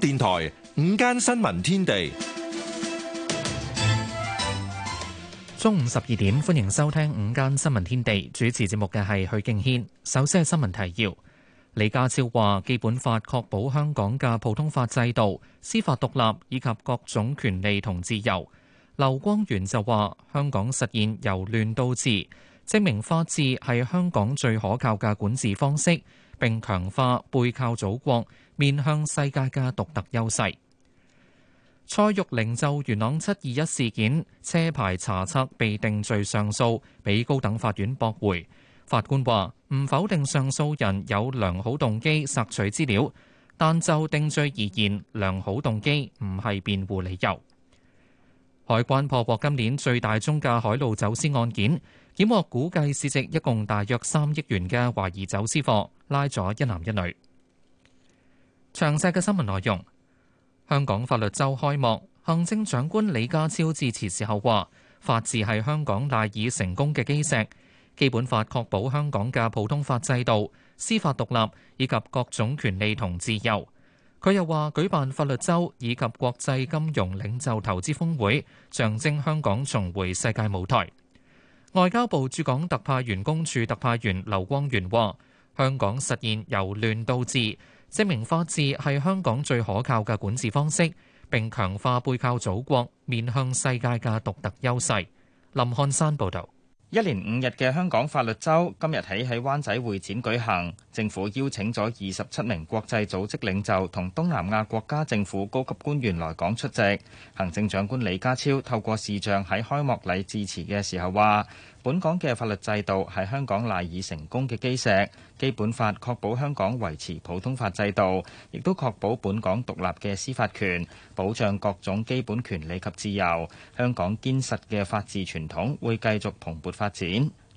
電台午間新聞天地，中午十二點，歡迎收聽午間新聞天地。主持節目嘅係許敬軒。首先係新聞提要。李家超話：基本法確保香港嘅普通法制度、司法獨立以及各種權利同自由。劉光源就話：香港實現由亂到治，證明法治係香港最可靠嘅管治方式。並強化背靠祖國、面向世界嘅獨特優勢。蔡玉玲就元朗七二一事件車牌查冊被定罪上訴，被高等法院駁回。法官話：唔否定上訴人有良好動機索取資料，但就定罪而言，良好動機唔係辯護理由。海關破獲今年最大宗嘅海路走私案件。檢獲估計市值一共大約三億元嘅懷疑走私貨，拉咗一男一女。詳細嘅新聞內容，香港法律週開幕，行政長官李家超致辭時候話：法治係香港賴以成功嘅基石，基本法確保香港嘅普通法制度、司法獨立以及各種權利同自由。佢又話舉辦法律週以及國際金融領袖投資峰會，象徵香港重回世界舞台。外交部駐港特派員公署特派員劉光源話：香港實現由亂到治，證明法治係香港最可靠嘅管治方式，並強化背靠祖國、面向世界嘅獨特優勢。林漢山報道。一連五日嘅香港法律周今日起喺灣仔會展舉行，政府邀請咗二十七名國際組織領袖同東南亞國家政府高級官員來港出席。行政長官李家超透過視像喺開幕禮致辭嘅時候話。本港嘅法律制度係香港賴以成功嘅基石，《基本法》確保香港維持普通法制度，亦都確保本港獨立嘅司法權，保障各種基本權利及自由。香港堅實嘅法治傳統會繼續蓬勃發展。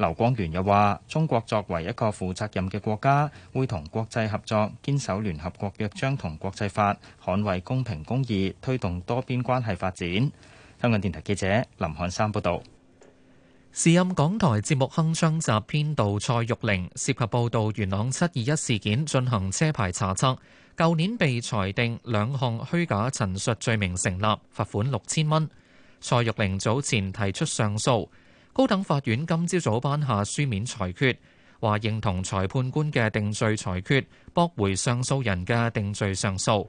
劉光源又話：中國作為一個負責任嘅國家，會同國際合作，堅守聯合國約章同國際法，捍衛公平公義，推動多邊關係發展。香港電台記者林漢山報導。時任港台節目《鏗鏘集》編導蔡玉玲，涉及報導元朗七二一事件進行車牌查測，舊年被裁定兩項虛假陳述罪名成立，罰款六千蚊。蔡玉玲早前提出上訴。高等法院今朝早頒下書面裁決，話認同裁判官嘅定罪裁決，駁回上訴人嘅定罪上訴。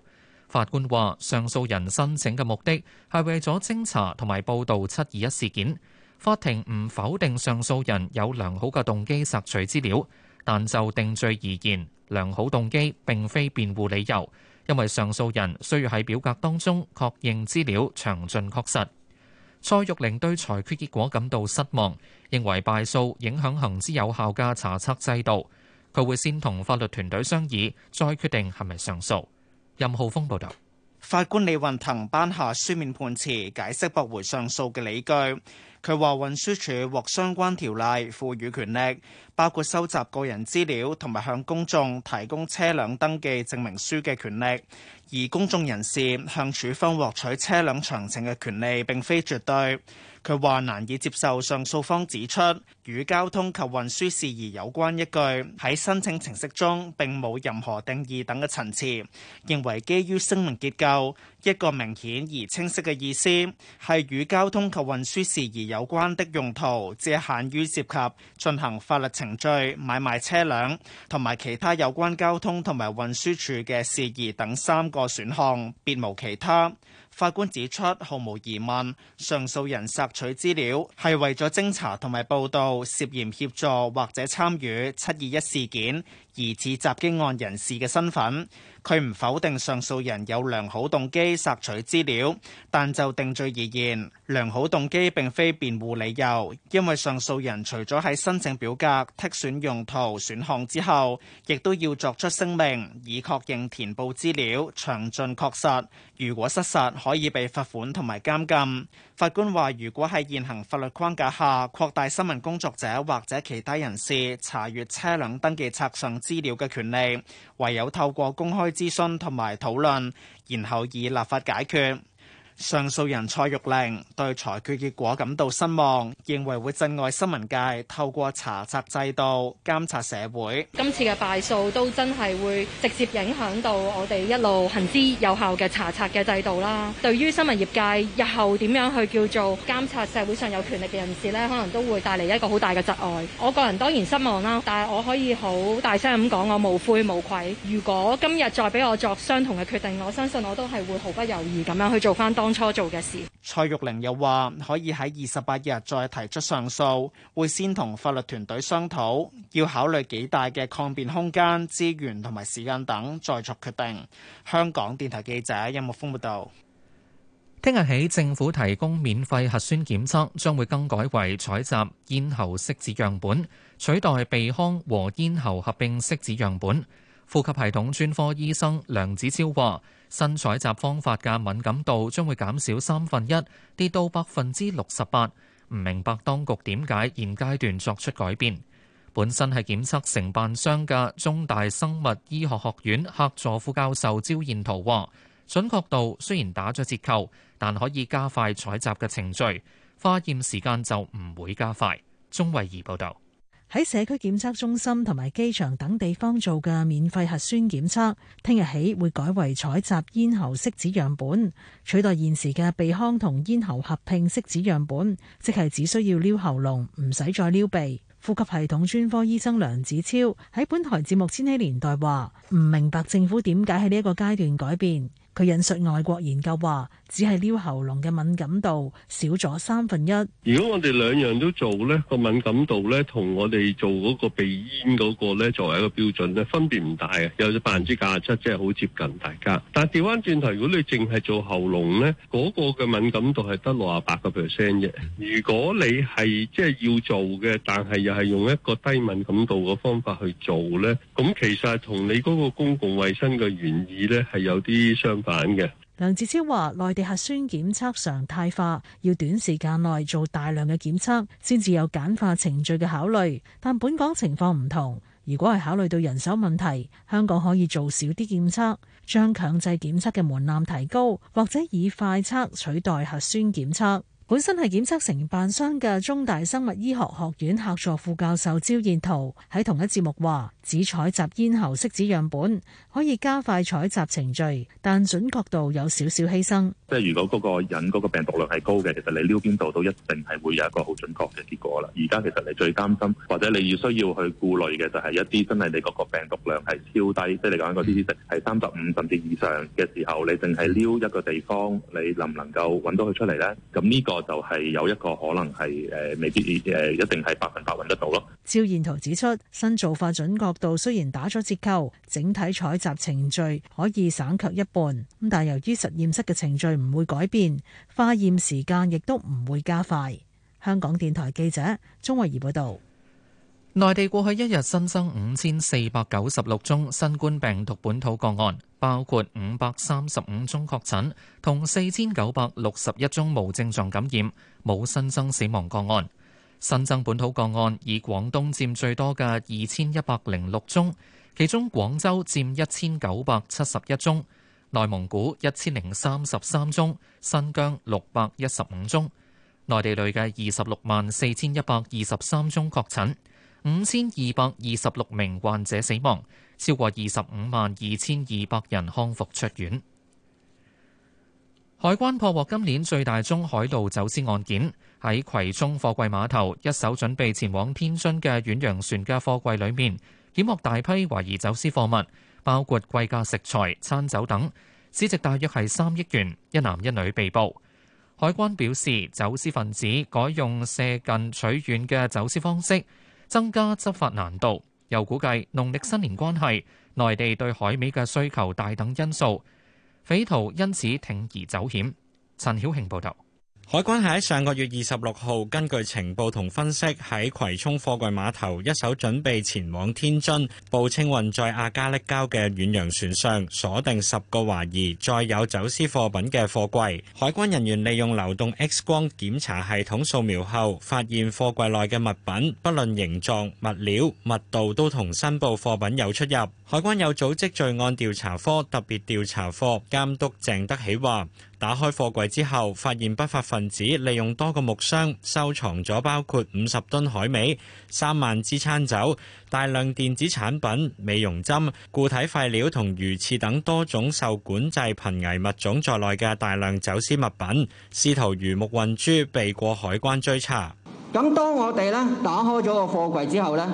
法官話，上訴人申請嘅目的係為咗偵查同埋報道七二一事件。法庭唔否定上訴人有良好嘅動機索取資料，但就定罪而言，良好動機並非辯護理由，因為上訴人需要喺表格當中確認資料詳盡確實。蔡玉玲對裁決結果感到失望，認為敗訴影響行之有效嘅查冊制度。佢會先同法律團隊商議，再決定係咪上訴。任浩峰報導。法官李運騰頒下書面判詞，解釋駁回上訴嘅理據。佢話運輸署獲相關條例賦予權力，包括收集個人資料同埋向公眾提供車輛登記證明書嘅權力，而公眾人士向署方獲取車輛詳情嘅權利並非絕對。佢話難以接受上訴方指出與交通及運輸事宜，有關一句喺申請程式中並冇任何定義等嘅陳詞，認為基於聲明結構一個明顯而清晰嘅意思係與交通及運輸事宜有關的用途，只限於涉及進行法律程序買賣車輛同埋其他有關交通同埋運輸署嘅事宜等三個選項，別無其他。法官指出毫無疑問，上訴人索取資料係為咗偵查同埋報道。涉嫌協助或者參與七二一事件疑似襲擊案人士嘅身份。佢唔否定上訴人有良好動機索取資料，但就定罪而言，良好動機並非辯護理由，因為上訴人除咗喺申請表格剔選用途選項之後，亦都要作出聲明，以確認填報資料詳盡確實，如果失實可以被罰款同埋監禁。法官話，如果喺現行法律框架下擴大新聞工作者或者其他人士查閱車輛登記冊上資料嘅權利，唯有透過公開。諮詢同埋討論，然後以立法解決。上訴人蔡玉玲對裁決結果感到失望，認為會窒礙新聞界透過查冊制度監察社會。今次嘅敗訴都真係會直接影響到我哋一路行之有效嘅查冊嘅制度啦。對於新聞業界日後點樣去叫做監察社會上有權力嘅人士呢？可能都會帶嚟一個好大嘅窒礙。我個人當然失望啦，但係我可以好大聲咁講，我無悔無愧。如果今日再俾我作相同嘅決定，我相信我都係會毫不猶豫咁樣去做翻當。錯做嘅事，蔡玉玲又話可以喺二十八日再提出上訴，會先同法律團隊商討，要考慮幾大嘅抗辯空間、資源同埋時間等，再作決定。香港電台記者任木峰報道。聽日起，政府提供免費核酸檢測將會更改為採集咽喉拭子樣本，取代鼻腔和咽喉合併拭子樣本。呼吸系統專科醫生梁子超話：新採集方法嘅敏感度將會減少三分一，3, 跌到百分之六十八。唔明白當局點解現階段作出改變。本身係檢測承辦商嘅中大生物醫學學院客座副教授招彥燾話：準確度雖然打咗折扣，但可以加快採集嘅程序，化驗時間就唔會加快。鍾慧儀報道。喺社區檢測中心同埋機場等地方做嘅免費核酸檢測，聽日起會改為採集咽喉拭子樣本，取代現時嘅鼻腔同咽喉合併拭子樣本，即係只需要撩喉嚨，唔使再撩鼻。呼吸系統專科醫生梁子超喺本台節目《千禧年代》話：唔明白政府點解喺呢一個階段改變。佢引述外國研究話，只係撩喉嚨嘅敏感度少咗三分一。如果我哋兩樣都做咧，呢個敏感度咧同我哋做嗰個鼻咽嗰個咧作為一個標準咧，分別唔大嘅，有咗百分之九十七，即係好接近大家。但係調翻轉頭，如果你淨係做喉嚨咧，嗰、嗰個嘅敏感度係得六十八個 percent 嘅。如果你係即係要做嘅，但係又係用一個低敏感度嘅方法去做咧，咁其實係同你嗰個公共衞生嘅原意咧係有啲相反。梁志超話：內地核酸檢測常態化，要短時間內做大量嘅檢測，先至有簡化程序嘅考慮。但本港情況唔同，如果係考慮到人手問題，香港可以做少啲檢測，將強制檢測嘅門檻提高，或者以快測取代核酸檢測。本身係檢測承辦商嘅中大生物醫學學院客座副教授招彥燾喺同一節目話：只採集咽喉拭子樣本可以加快採集程序，但準確度有少少犧牲。即係如果嗰個人嗰個病毒量係高嘅，其實你撩邊度都一定係會有一個好準確嘅結果啦。而家其實你最擔心或者你要需要去顧慮嘅就係一啲真係你嗰個病毒量係超低，即係你講嗰啲值係三十五甚至以上嘅時候，你淨係撩一個地方，你能唔能夠揾到佢出嚟呢？咁呢個就係有一個可能係誒未必誒一定係百分百揾得到咯。趙燕圖指出，新做法準確度雖然打咗折扣，整體採集程序可以省卻一半，咁但係由於實驗室嘅程序，唔會改變，化驗時間亦都唔會加快。香港電台記者鍾慧儀報導，內地過去一日新增五千四百九十六宗新冠病毒本土個案，包括五百三十五宗確診同四千九百六十一宗無症狀感染，冇新增死亡個案。新增本土個案以廣東佔最多嘅二千一百零六宗，其中廣州佔一千九百七十一宗。內蒙古一千零三十三宗，新疆六百一十五宗，內地累計二十六萬四千一百二十三宗確診，五千二百二十六名患者死亡，超過二十五萬二千二百人康復出院。海關破獲今年最大宗海路走私案件，喺葵涌貨櫃碼頭，一艘準備前往天津嘅遠洋船嘅貨櫃裏面，檢獲大批懷疑走私貨物。包括貴價食材、餐酒等，市值大約係三億元。一男一女被捕。海關表示，走私分子改用射近取遠嘅走私方式，增加執法難度。又估計農曆新年關係，內地對海味嘅需求大等因素，匪徒因此鋌而走險。陳曉慶報道。海關喺上個月二十六號，根據情報同分析，喺葵涌貨櫃碼頭一艘準備前往天津報稱運載亞加力膠嘅遠洋船上，鎖定十個懷疑載有走私貨品嘅貨櫃。海關人員利用流動 X 光檢查系統掃描後，發現貨櫃內嘅物品，不論形狀、物料、密度，都同申報貨品有出入。海關有組織罪案調查科特別調查科監督鄭德喜話：打開貨櫃之後，發現不法分子利用多個木箱收藏咗包括五十噸海味、三萬支餐酒、大量電子產品、美容針、固體廢料同魚翅等多種受管制瀕危物種在內嘅大量走私物品，試圖魚目混珠避過海關追查。咁當我哋呢打開咗個貨櫃之後呢。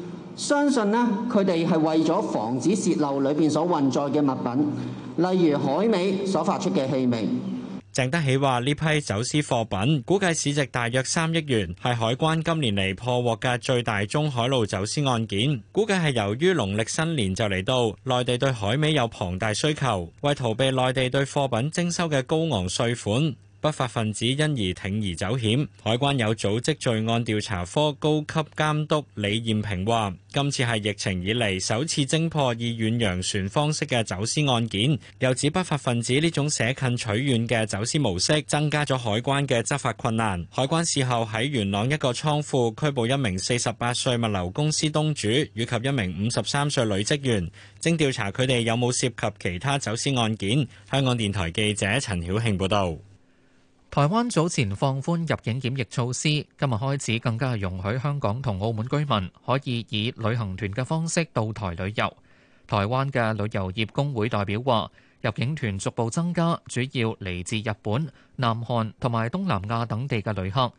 相信咧，佢哋係為咗防止泄漏裏邊所運載嘅物品，例如海味所發出嘅氣味。鄭德喜話呢批走私貨品估計市值大約三億元，係海關今年嚟破獲嘅最大宗海路走私案件。估計，係由於農曆新年就嚟到，內地對海味有龐大需求，為逃避內地對貨品徵收嘅高昂稅款。不法分子因而鋌而走險，海關有組織罪案調查科高級監督李燕平話，今次係疫情以嚟，首次偵破以遠洋船方式嘅走私案件，又指不法分子呢種捨近取遠嘅走私模式，增加咗海關嘅執法困難。海關事後喺元朗一個倉庫拘捕一名四十八歲物流公司東主，以及一名五十三歲女職員，正調查佢哋有冇涉及其他走私案件。香港電台記者陳曉慶報道。台灣早前放寬入境檢疫措施，今日開始更加容許香港同澳門居民可以以旅行團嘅方式到台旅遊。台灣嘅旅遊業公會代表話，入境團逐步增加，主要嚟自日本、南韓同埋東南亞等地嘅旅客。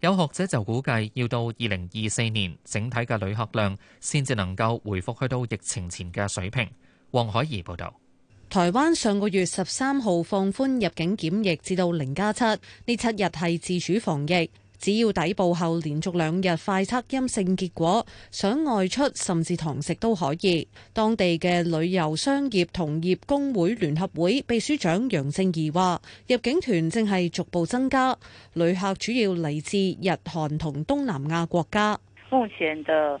有學者就估計，要到二零二四年，整體嘅旅客量先至能夠回復去到疫情前嘅水平。黃海怡報導。台灣上個月十三號放寬入境檢疫至到零加七，呢七日係自主防疫，只要抵埗後連續兩日快測陰性結果，想外出甚至堂食都可以。當地嘅旅遊商業同業工會聯合會秘書長楊正義話：入境團正係逐步增加，旅客主要嚟自日韓同東南亞國家。目前的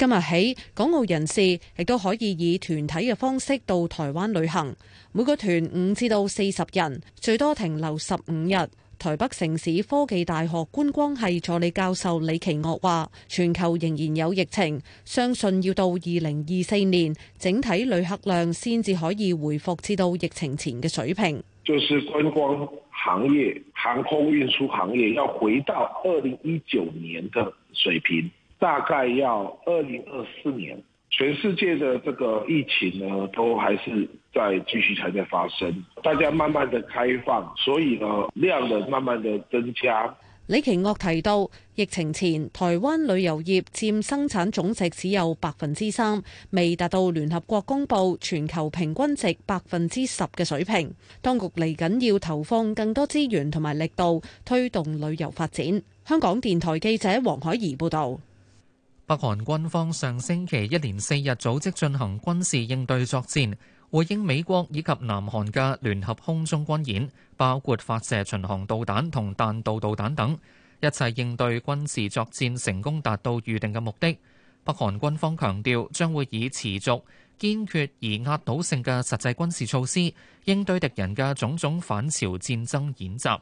今日起，港澳人士亦都可以以團體嘅方式到台灣旅行，每個團五至到四十人，最多停留十五日。台北城市科技大學觀光系助理教授李奇岳話，全球仍然有疫情，相信要到二零二四年，整體旅客量先至可以回復至到疫情前嘅水平。就是觀光行業，航空運輸行業要回到二零一九年嘅水平。大概要二零二四年，全世界的這個疫情呢，都還是在繼續才在發生。大家慢慢的開放，所以呢，量呢慢慢的增加。李奇岳提到，疫情前台灣旅遊業佔生產總值只有百分之三，未達到聯合國公布全球平均值百分之十嘅水平。當局嚟緊要投放更多資源同埋力度推動旅遊發展。香港電台記者黃海怡報道。北韓軍方上星期一連四日組織進行軍事應對作戰，回應美國以及南韓嘅聯合空中軍演，包括發射巡航導彈同彈道導彈等，一切應對軍事作戰成功達到預定嘅目的。北韓軍方強調，將會以持續、堅決而壓倒性嘅實際軍事措施，應對敵人嘅種種反朝戰爭演習。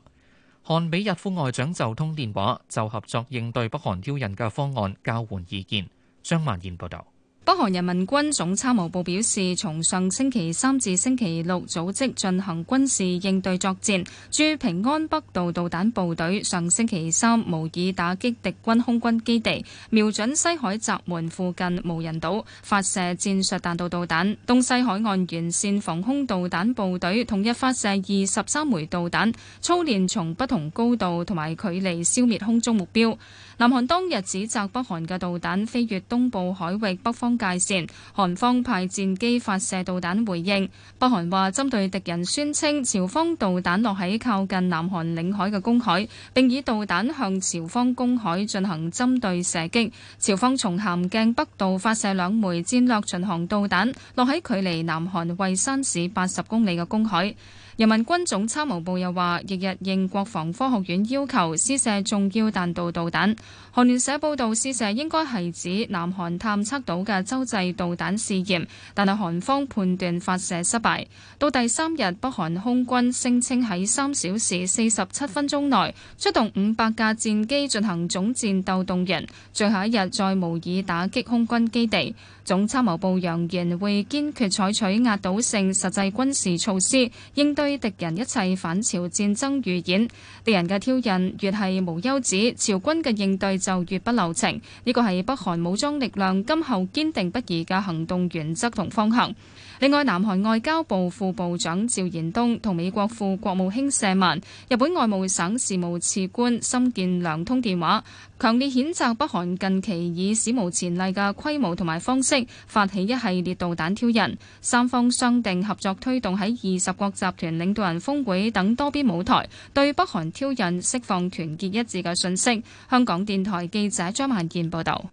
韓美日副外長就通電話，就合作應對北韓挑釁嘅方案交換意見。張曼燕報導。北韓人民軍總參謀部表示，從上星期三至星期六組織進行軍事應對作戰。駐平安北道導彈部隊上星期三模擬打擊敵軍空軍基地，瞄準西海閘門附近無人島發射戰術彈道導彈。東西海岸沿線防空導彈部隊統一發射二十三枚導彈，操練從不同高度同埋距離消滅空中目標。南韓當日指責北韓嘅導彈飛越東部海域北方界線，韓方派戰機發射導彈回應。北韓話針對敵人宣稱朝方導彈落喺靠近南韓領海嘅公海，並以導彈向朝方公海進行針對射擊。朝方從咸鏡北道發射兩枚戰略巡航導彈，落喺距離南韓蔚山市八十公里嘅公海。人民軍總參謀部又話，日日應國防科學院要求施射重要彈道導彈。韓聯社報導，施射應該係指南韓探測到嘅洲際導彈試驗，但係韓方判斷發射失敗。到第三日，北韓空軍聲稱喺三小時四十七分鐘內出動五百架戰機進行總戰鬥動員，最後一日再模擬打擊空軍基地。總參謀部揚言會堅決採取壓倒性實際軍事措施，應對敵人一切反朝戰爭預演。敵人嘅挑釁越係無休止，朝軍嘅應對就越不留情。呢個係北韓武裝力量今後堅定不移嘅行動原則同方向。另外，南韓外交部副部長趙延東同美國副國務卿謝曼、日本外務省事務次官森健良通電話，強烈譴責北韓近期以史無前例嘅規模同埋方式發起一系列導彈挑釁，三方商定合作推動喺二十國集團領導人峰會等多邊舞台對北韓挑釁釋放團結一致嘅訊息。香港電台記者張萬健報導。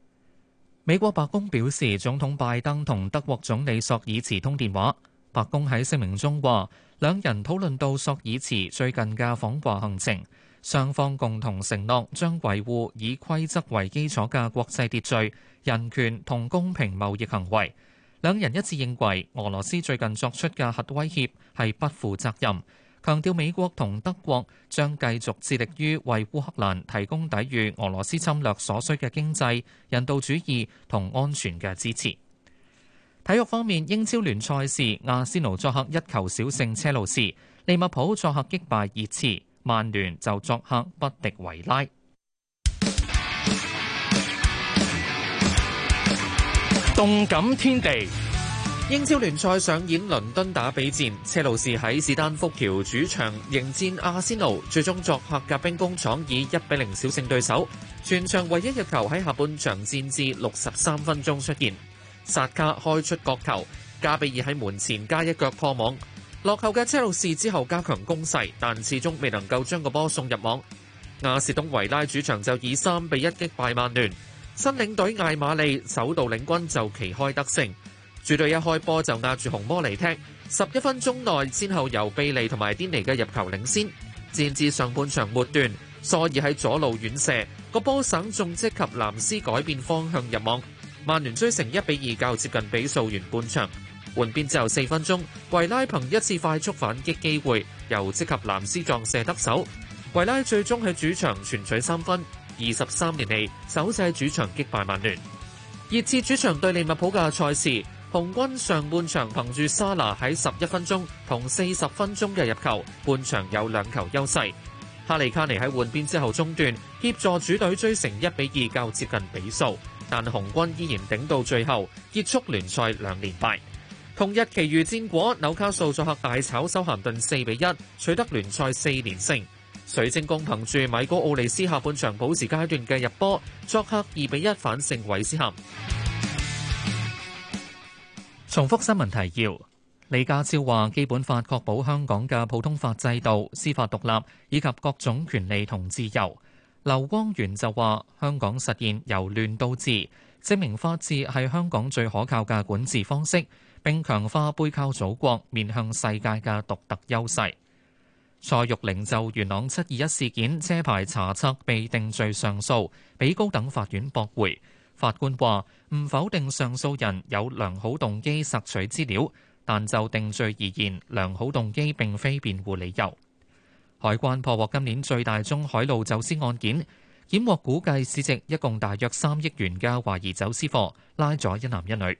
美國白宮表示，總統拜登同德國總理朔爾茨通電話。白宮喺聲明中話，兩人討論到朔爾茨最近嘅訪華行程，雙方共同承諾將維護以規則為基礎嘅國際秩序、人權同公平貿易行為。兩人一致認為，俄羅斯最近作出嘅核威脅係不負責任。強調美國同德國將繼續致力於為烏克蘭提供抵御俄羅斯侵略所需嘅經濟、人道主義同安全嘅支持。體育方面，英超聯賽時阿仙奴作客一球小勝車路士，利物浦作客擊敗熱刺，曼聯就作客不敵維拉。動感天地。英超聯賽上演倫敦打比戰，車路士喺史丹福橋主場迎戰阿仙奴，最終作客嘅兵工廠以一比零小勝對手。全場唯一入球喺下半場戰至六十三分鐘出現，薩卡開出角球，加比爾喺門前加一腳破網。落後嘅車路士之後加強攻勢，但始終未能夠將個波送入網。亞士東維拉主場就以三比一擊敗曼聯，新領隊艾瑪利首度領軍就旗開得勝。主隊一開波就壓住紅魔嚟踢，十一分鐘內先後由貝利同埋迪尼嘅入球領先，戰至上半場末段，索爾喺左路遠射，個波省中即及藍斯改變方向入網，曼聯追成一比二，較接近比數完半場。換邊之後四分鐘，維拉憑一次快速反擊機會，由即及藍斯撞射得手，維拉最終喺主場全取三分，二十三年嚟首次喺主場擊敗曼聯。熱刺主場對利物浦嘅賽事。紅軍上半場憑住沙拿喺十一分鐘同四十分鐘嘅入球，半場有兩球優勢。哈利卡尼喺換邊之後中段，協助主隊追成一比二，較接近比數。但紅軍依然頂到最後，結束聯賽兩連敗。同日其餘戰果，紐卡素作客大炒修咸頓四比一，取得聯賽四連勝。水晶宮憑住米高奧利斯下半場保持階段嘅入波，作客二比一反勝韋斯咸。重複新聞提要。李家超話：基本法確保香港嘅普通法制度、司法獨立以及各種權利同自由。劉光源就話：香港實現由亂到治，證明法治係香港最可靠嘅管治方式。並強化背靠祖國、面向世界嘅獨特優勢。蔡玉玲就元朗七二一事件車牌查冊被定罪上訴，被高等法院駁回。法官話。唔否定上訴人有良好動機攝取資料，但就定罪而言，良好動機並非辯護理由。海關破獲今年最大宗海路走私案件，檢獲估計市值一共大約三億元嘅懷疑走私貨，拉咗一男一女。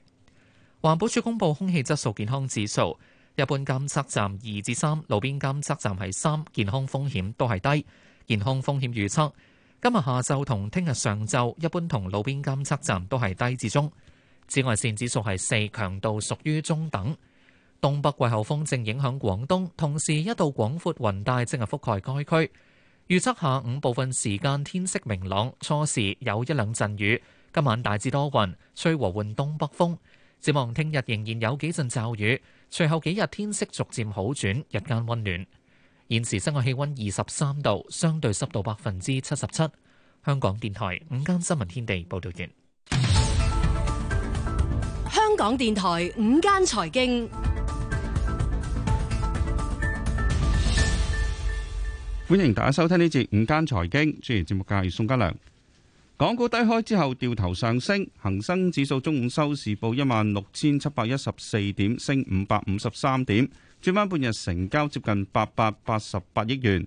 環保署公布空氣質素健康指數，一般監測站二至三，路邊監測站係三，健康風險都係低，健康風險預測。今日下晝同聽日上晝，一般同路邊監測站都係低至中。紫外線指數係四，強度屬於中等。東北季候風正影響廣東，同時一道廣闊雲帶正係覆蓋該區。預測下午部分時間天色明朗，初時有一兩陣雨。今晚大致多雲，吹和緩東北風。展望聽日仍然有幾陣驟雨，隨後幾日天色逐漸好轉，日間温暖。現時室外氣溫二十三度，相對濕度百分之七十七。香港電台午間新聞天地報道完。香港電台午間財經，歡迎大家收聽呢節午間財經主持節目嘅係宋家良。港股低開之後掉頭上升，恒生指數中午收市報一萬六千七百一十四點，升五百五十三點。轉翻半日成交接近八百八十八億元。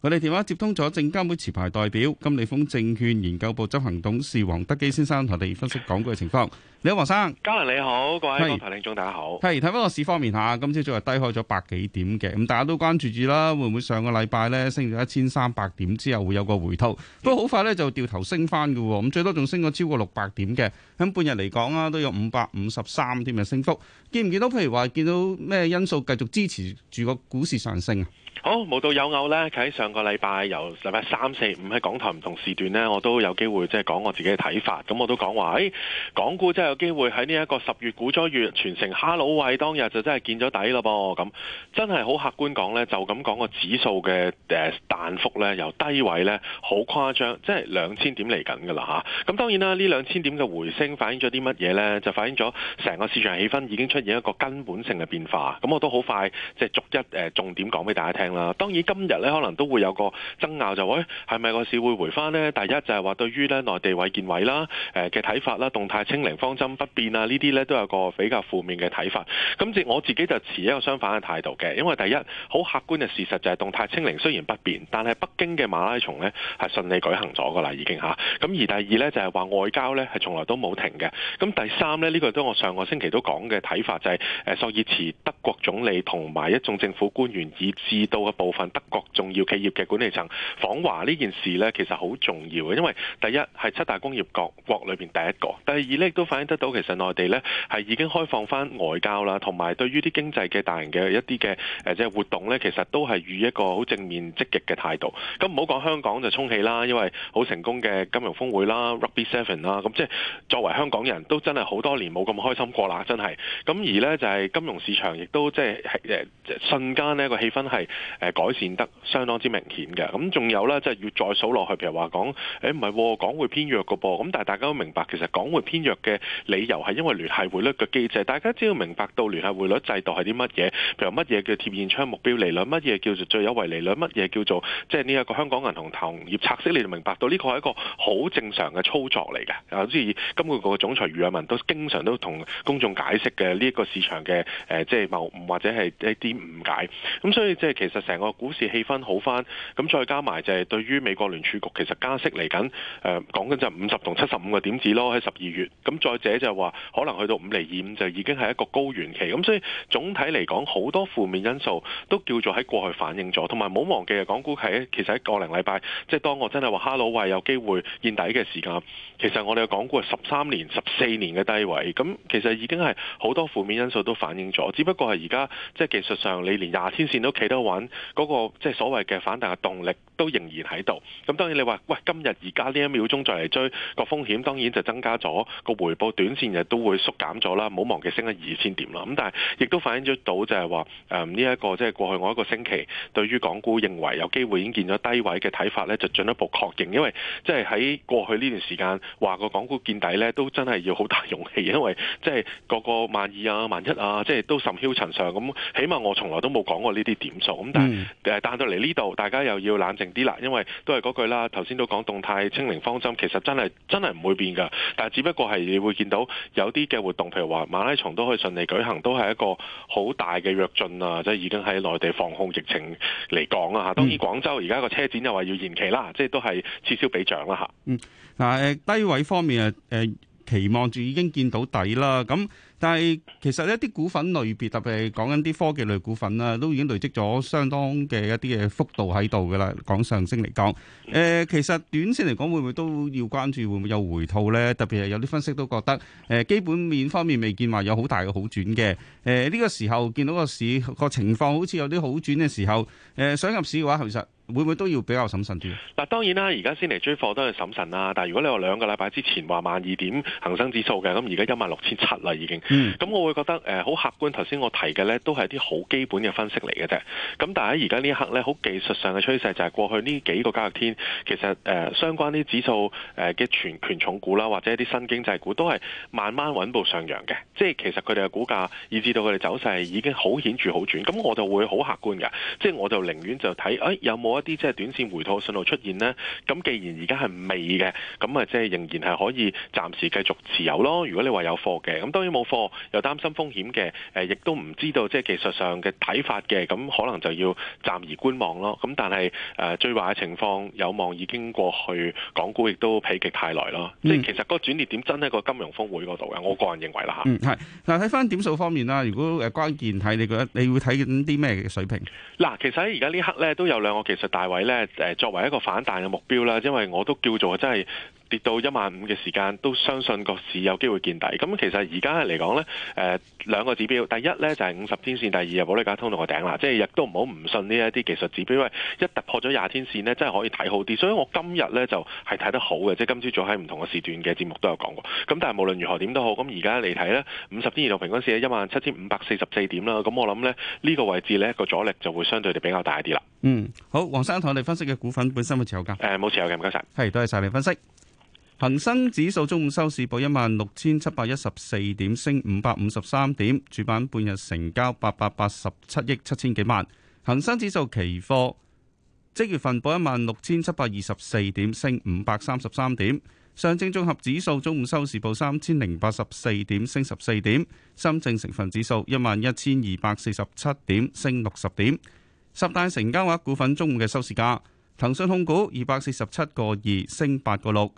我哋電話接通咗證監會持牌代表金利豐證券研究部執行董事黃德基先生，同你分析港股嘅情況。你好，黃生，家人你好，各位各位聽眾大家好。係睇翻個市方面，下、啊、今朝早係低開咗百幾點嘅，咁大家都關注住啦，會唔會上個禮拜咧升咗一千三百點之後會有個回吐，不過好快咧就掉頭升翻喎。咁最多仲升咗超過六百點嘅，喺、嗯、半日嚟講啊，都有五百五十三點嘅升幅。見唔見到？譬如話見到咩因素繼續支持住個股市上升啊？好，無獨有偶咧，喺上個禮拜由禮拜三四五喺港台唔同時段咧，我都有機會即係講我自己嘅睇法，咁我都講話，誒、哎，港股真係。有機會喺呢一個十月股災月，全城哈魯位當日就真係見咗底咯噃，咁真係好客觀講呢，就咁講個指數嘅誒彈幅呢，由低位呢，好誇張，即係兩千點嚟緊㗎啦吓，咁當然啦，呢兩千點嘅回升反映咗啲乜嘢呢？就反映咗成個市場氣氛已經出現一個根本性嘅變化。咁我都好快即係逐一誒重點講俾大家聽啦。當然今日呢，可能都會有個爭拗就誒、是，係咪個市會回翻呢？第一就係、是、話對於呢內地衛健委啦誒嘅睇法啦，動態清零方心不變啊，呢啲咧都有個比較負面嘅睇法。咁即我自己就持一個相反嘅態度嘅，因為第一好客觀嘅事實就係動態清零雖然不變，但係北京嘅馬拉松呢係順利舉行咗噶啦，已經吓。咁而第二呢，就係、是、話外交呢係從來都冇停嘅。咁第三呢，呢、這個都我上個星期都講嘅睇法、就是，就係誒朔爾茨德國總理同埋一眾政府官員以至到嘅部分德國重要企業嘅管理層訪華呢件事呢，其實好重要嘅，因為第一係七大工業國國裏邊第一個，第二呢亦都反映。得到其實內地呢係已經開放翻外交啦，同埋對於啲經濟嘅大型嘅一啲嘅誒即係活動呢，其實都係以一個好正面積極嘅態度。咁唔好講香港就充氣啦，因為好成功嘅金融峰會啦、Rugby Seven 啦，咁即係作為香港人都真係好多年冇咁開心過啦，真係。咁而呢就係、是、金融市場亦都即係誒瞬間呢、那個氣氛係誒改善得相當之明顯嘅。咁仲有呢，即、就、係、是、要再數落去，譬如話講誒唔係港匯偏弱嘅噃，咁但係大家都明白其實港匯偏弱嘅。理由係因為聯繫匯率嘅機制，大家只要明白到聯繫匯率制度係啲乜嘢，譬如乜嘢叫貼現窗目標利率，乜嘢叫做最優惠利率，乜嘢叫做即係呢一個香港銀行同業拆息，你就明白到呢個係一個好正常嘅操作嚟嘅。啊，好似金管局嘅總裁余偉文都經常都同公眾解釋嘅呢一個市場嘅誒，即係謬誤或者係一啲誤解。咁所以即係其實成個股市氣氛好翻，咁再加埋就係對於美國聯儲局其實加息嚟緊，誒講緊就五十同七十五個點子咯，喺十二月，咁再、就是嘅就係話，可能去到五厘二五就已經係一個高原期咁，所以總體嚟講，好多負面因素都叫做喺過去反映咗，同埋冇忘記啊，港股喺其實喺個零禮拜，即係當我真係話哈羅話有機會見底嘅時間，其實我哋嘅港股係十三年、十四年嘅低位，咁其實已經係好多負面因素都反映咗，只不過係而家即係技術上，你連廿天線都企得穩，嗰個即係所謂嘅反彈嘅動力都仍然喺度。咁當然你話，喂，今日而家呢一秒鐘再嚟追個風險，當然就增加咗個回報。短線亦都會縮減咗啦，唔好忘記升咗二千點啦。咁、嗯、但係亦都反映咗到就係話，誒呢一個即係、就是、過去我一個星期對於港股認為有機會已經見咗低位嘅睇法咧，就進一步確認。因為即係喺過去呢段時間話個港股見底咧，都真係要好大勇氣，因為即係、就是、個個萬二啊、萬一啊，即、就、係、是、都甚囂塵上。咁、嗯、起碼我從來都冇講過呢啲點數。咁、嗯、但係、嗯、彈到嚟呢度，大家又要冷靜啲啦。因為都係嗰句啦，頭先都講動態清零方針，其實真係真係唔會變㗎。但係只不過係會。見到有啲嘅活動，譬如話馬拉松都可以順利舉行，都係一個好大嘅躍進啊！即係已經喺內地防控疫情嚟講啊，嚇。當然，廣州而家個車展又話要延期啦，即係都係此消彼長啦，嚇。嗯，嗱，低位方面啊，誒，期望住已經見到底啦，咁。但係其實一啲股份類別，特別係講緊啲科技類股份啊，都已經累積咗相當嘅一啲嘅幅度喺度㗎喇。講上升嚟講，誒、呃、其實短線嚟講會唔會都要關注會唔會有回吐咧？特別係有啲分析都覺得誒、呃、基本面方面未見話有好大嘅好轉嘅。誒、呃、呢、呢個時候見到個市個情況好似有啲好轉嘅時候，誒、呃、想入市嘅話，其實，會唔會都要比較審慎啲？嗱，當然啦，而家先嚟追貨都係審慎啦。但係如果你話兩個禮拜之前話萬二點恒生指數嘅，咁而家一萬六千七啦已經。咁、嗯、我會覺得誒好、呃、客觀。頭先我提嘅呢都係啲好基本嘅分析嚟嘅啫。咁但係而家呢一刻呢，好技術上嘅趨勢就係過去呢幾個交易天，其實誒、呃、相關啲指數誒嘅全權重股啦，或者一啲新經濟股都係慢慢穩步上揚嘅。即係其實佢哋嘅股價以至到佢哋走勢已經好顯著好轉。咁我就會好客觀嘅，即係我就寧願就睇誒、哎、有冇啲即係短線回吐信號出現呢？咁既然而家係未嘅，咁啊即係仍然係可以暫時繼續持有咯。如果你話有貨嘅，咁當然冇貨又擔心風險嘅，誒亦都唔知道即係技術上嘅睇法嘅，咁可能就要暫而觀望咯。咁但係誒、呃、最壞嘅情況有望已經過去，港股亦都否極太耐咯。嗯、即係其實嗰個轉捩點真係個金融峯會嗰度嘅，我個人認為啦嚇。嗯，係。嗱，睇翻點數方面啦，如果誒關鍵睇你覺得，你會睇啲咩嘅水平？嗱，其實喺而家呢刻咧都有兩個其實。大位咧，誒作為一個反彈嘅目標啦，因為我都叫做真係。跌到一萬五嘅時間，都相信個市有機會見底。咁其實而家嚟講呢，誒兩個指標，第一呢就係五十天線，第二係保歷加通道個頂啦。即係亦都唔好唔信呢一啲技術指標，因為一突破咗廿天線呢，真係可以睇好啲。所以我今日呢就係、是、睇得好嘅，即係今朝早喺唔同嘅時段嘅節目都有講過。咁但係無論如何點都好，咁而家嚟睇呢，五十天移動平均線一萬七千五百四十四點啦。咁我諗呢呢、這個位置呢，個阻力就會相對地比較大啲啦。嗯，好，黃生同我哋分析嘅股份本身有冇持有㗎？冇、呃、持有嘅，唔該晒。係，多謝晒你分析。恒生指數中午收市報一萬六千七百一十四點，升五百五十三點，主板半日成交八百八十七億七千幾萬。恒生指數期貨，即月份報一萬六千七百二十四點，升五百三十三點。上證綜合指數中午收市報三千零八十四點，升十四點。深證成分指數一萬一千二百四十七點，升六十點。十大成交額股份中午嘅收市價，騰訊控股二百四十七個二，升八個六。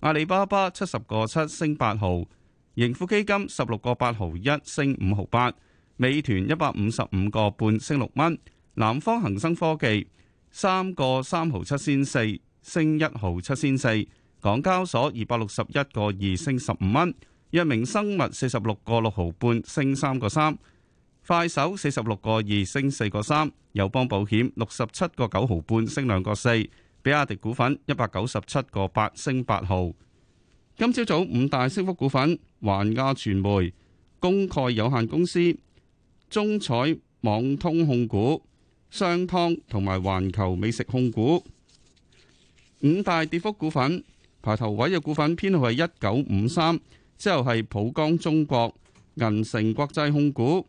阿里巴巴七十個七升八毫，盈富基金十六個八毫一升五毫八，美團一百五十五個半升六蚊，南方恒生科技三個三毫七仙四升一毫七仙四，4, 港交所二百六十一個二升十五蚊，藥明生物四十六個六毫半升三個三，快手四十六個二升四個三，友邦保險六十七個九毫半升兩個四。比亞迪股份一百九十七個八升八毫。今朝早五大升幅股份：環亞傳媒、公蓋有限公司、中彩網通控股、商湯同埋環球美食控股。五大跌幅股份，排頭位嘅股份編號係一九五三，之後係浦江中國、銀城國際控股、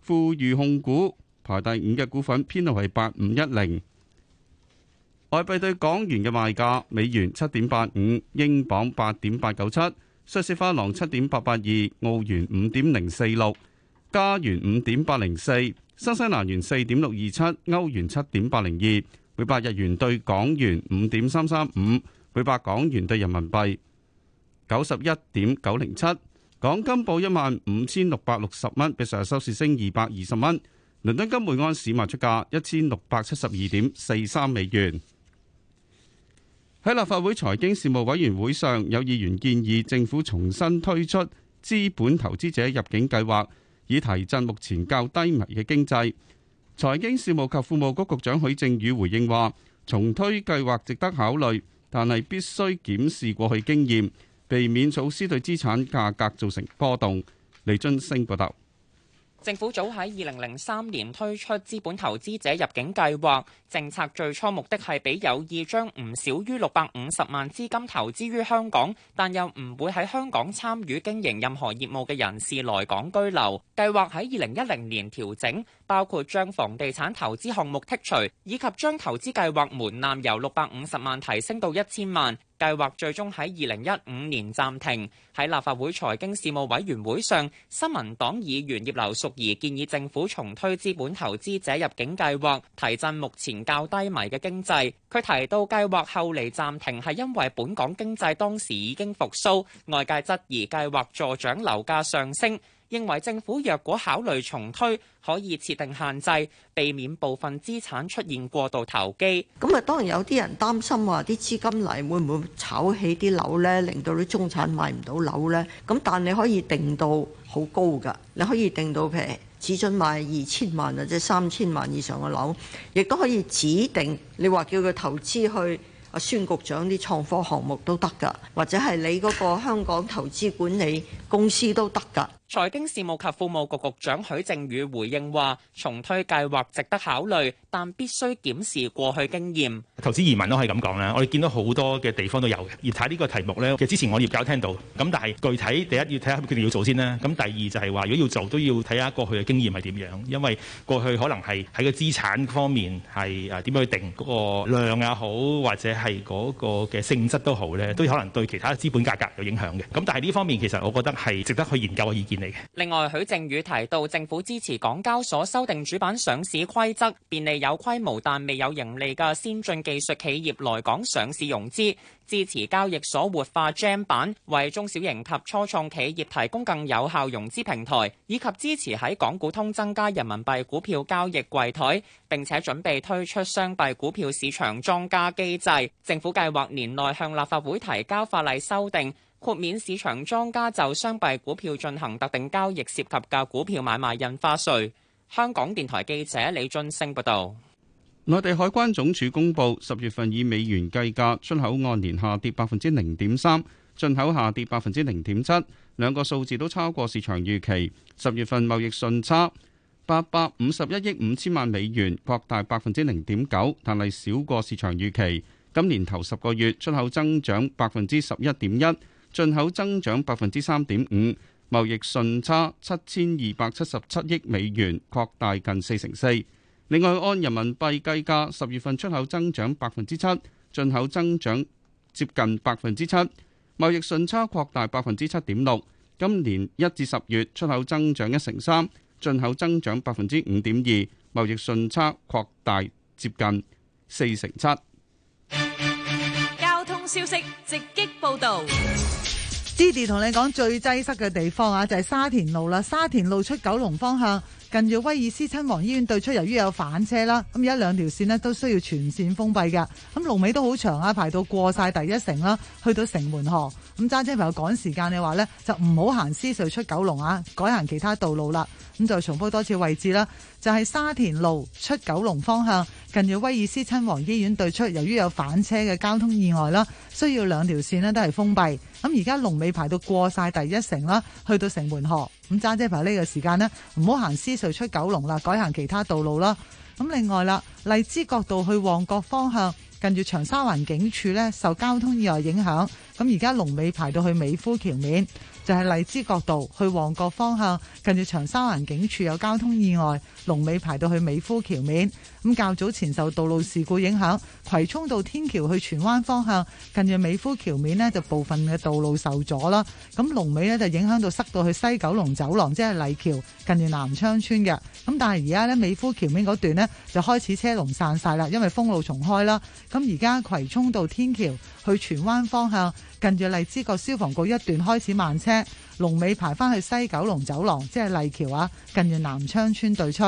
富裕控股，排第五嘅股份編號係八五一零。外幣對港元嘅賣價：美元七點八五，英鎊八點八九七，瑞士法郎七點八八二，澳元五點零四六，加元五點八零四，新西蘭元四點六二七，歐元七點八零二。每百日元對港元五點三三五，每百港元對人民幣九十一點九零七。港金報一萬五千六百六十蚊，比上日收市升二百二十蚊。倫敦金每安士賣出價一千六百七十二點四三美元。喺立法會財經事務委員會上，有議員建議政府重新推出資本投資者入境計劃，以提振目前較低迷嘅經濟。財經事務及庫務局局長許正宇回應話：重推計劃值得考慮，但係必須檢視過去經驗，避免措施對資產價格造成波動。李津升報道。政府早喺二零零三年推出資本投資者入境計劃，政策最初目的係俾有意將唔少於六百五十萬資金投資於香港，但又唔會喺香港參與經營任何業務嘅人士來港居留。計劃喺二零一零年調整。包括將房地產投資項目剔除，以及將投資計劃門檻由六百五十萬提升到一千萬。計劃最終喺二零一五年暫停。喺立法會財經事務委員會上，新民黨議員葉劉淑儀建議政府重推資本投資者入境計劃，提振目前較低迷嘅經濟。佢提到計劃後嚟暫停係因為本港經濟當時已經復甦。外界質疑計劃助長樓價上升。認為政府若果考慮重推，可以設定限制，避免部分資產出現過度投機。咁啊，當然有啲人擔心話啲資金嚟會唔會炒起啲樓呢？令到啲中產買唔到樓呢？咁但你可以定到好高㗎，你可以定到譬如只准買二千萬或者三千萬以上嘅樓，亦都可以指定你話叫佢投資去阿孫局長啲創科項目都得㗎，或者係你嗰個香港投資管理公司都得㗎。財經事務及庫務局局長許正宇回應話：重推計劃值得考慮，但必須檢視過去經驗。投資移民都係咁講啦，我哋見到好多嘅地方都有嘅。而睇呢個題目咧，其實之前我業界有聽到，咁但係具體第一要睇下佢決定要做先啦。咁第二就係話，如果要做都要睇下過去嘅經驗係點樣，因為過去可能係喺個資產方面係誒點樣去定嗰個量也好，或者係嗰個嘅性質都好咧，都可能對其他資本價格有影響嘅。咁但係呢方面其實我覺得係值得去研究嘅意見。另外，許正宇提到，政府支持港交所修訂主板上市規則，便利有規模但未有盈利嘅先進技術企業來港上市融資；支持交易所活化 Gem 板，為中小型及初創企業提供更有效融資平台；以及支持喺港股通增加人民幣股票交易櫃台，並且準備推出雙幣股票市場莊家機制。政府計劃年內向立法會提交法例修訂。豁免市場莊家就雙幣股票進行特定交易涉及嘅股票買賣印花稅。香港電台記者李俊升報道，內地海關總署公佈，十月份以美元計價出口按年下跌百分之零點三，進口下跌百分之零點七，兩個數字都超過市場預期。十月份貿易順差八百五十一億五千萬美元，擴大百分之零點九，但係少過市場預期。今年頭十個月出口增長百分之十一點一。進口增長百分之三點五，貿易順差七千二百七十七億美元擴大近四成四。另外按人民幣計價，十月份出口增長百分之七，進口增長接近百分之七，貿易順差擴大百分之七點六。今年一至十月出口增長一成三，進口增長百分之五點二，貿易順差擴大接近四成七。交通消息直擊報道。芝弟同你講最擠塞嘅地方啊，就係沙田路啦。沙田路出九龍方向，近住威爾斯親王醫院對出，由於有反車啦，咁有一兩條線都需要全線封閉㗎。咁路尾都好長啊，排到過晒第一城啦，去到城門河。咁揸車朋友趕時間嘅話呢就唔好行獅隧出九龍啊，改行其他道路啦。咁就重複多次位置啦，就係、是、沙田路出九龍方向，近住威爾斯親王醫院對出，由於有反車嘅交通意外啦，需要兩條線呢都係封閉。咁而家龍尾排到過晒第一城啦，去到城門河。咁揸車朋友呢個時間呢，唔好行獅隧出九龍啦，改行其他道路啦。咁另外啦，荔枝角道去旺角方向，近住長沙灣警署咧，受交通意外影響，咁而家龍尾排到去美孚橋面，就係、是、荔枝角道去旺角方向，近住長沙灣警署有交通意外，龍尾排到去美孚橋面。咁較早前受道路事故影響，葵涌道天橋去荃灣方向近住美孚橋面呢，就部分嘅道路受阻啦。咁龍尾呢，就影響到塞到去西九龍走廊，即係麗橋近住南昌村嘅。咁但係而家呢，美孚橋面嗰段呢，就開始車龍散晒啦，因為封路重開啦。咁而家葵涌道天橋去荃灣方向近住荔枝角消防局一段開始慢車，龍尾排翻去西九龍走廊，即係麗橋啊，近住南昌村對出。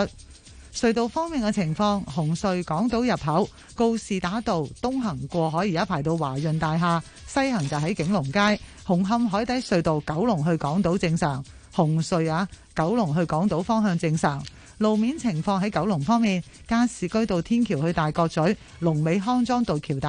隧道方面嘅情況，紅隧港島入口告士打道東行過海而家排到華潤大廈，西行就喺景隆街，紅磡海底隧道九龍去港島正常，紅隧啊九龍去港島方向正常。路面情況喺九龍方面，加士居道天橋去大角咀，龍尾康莊道橋底。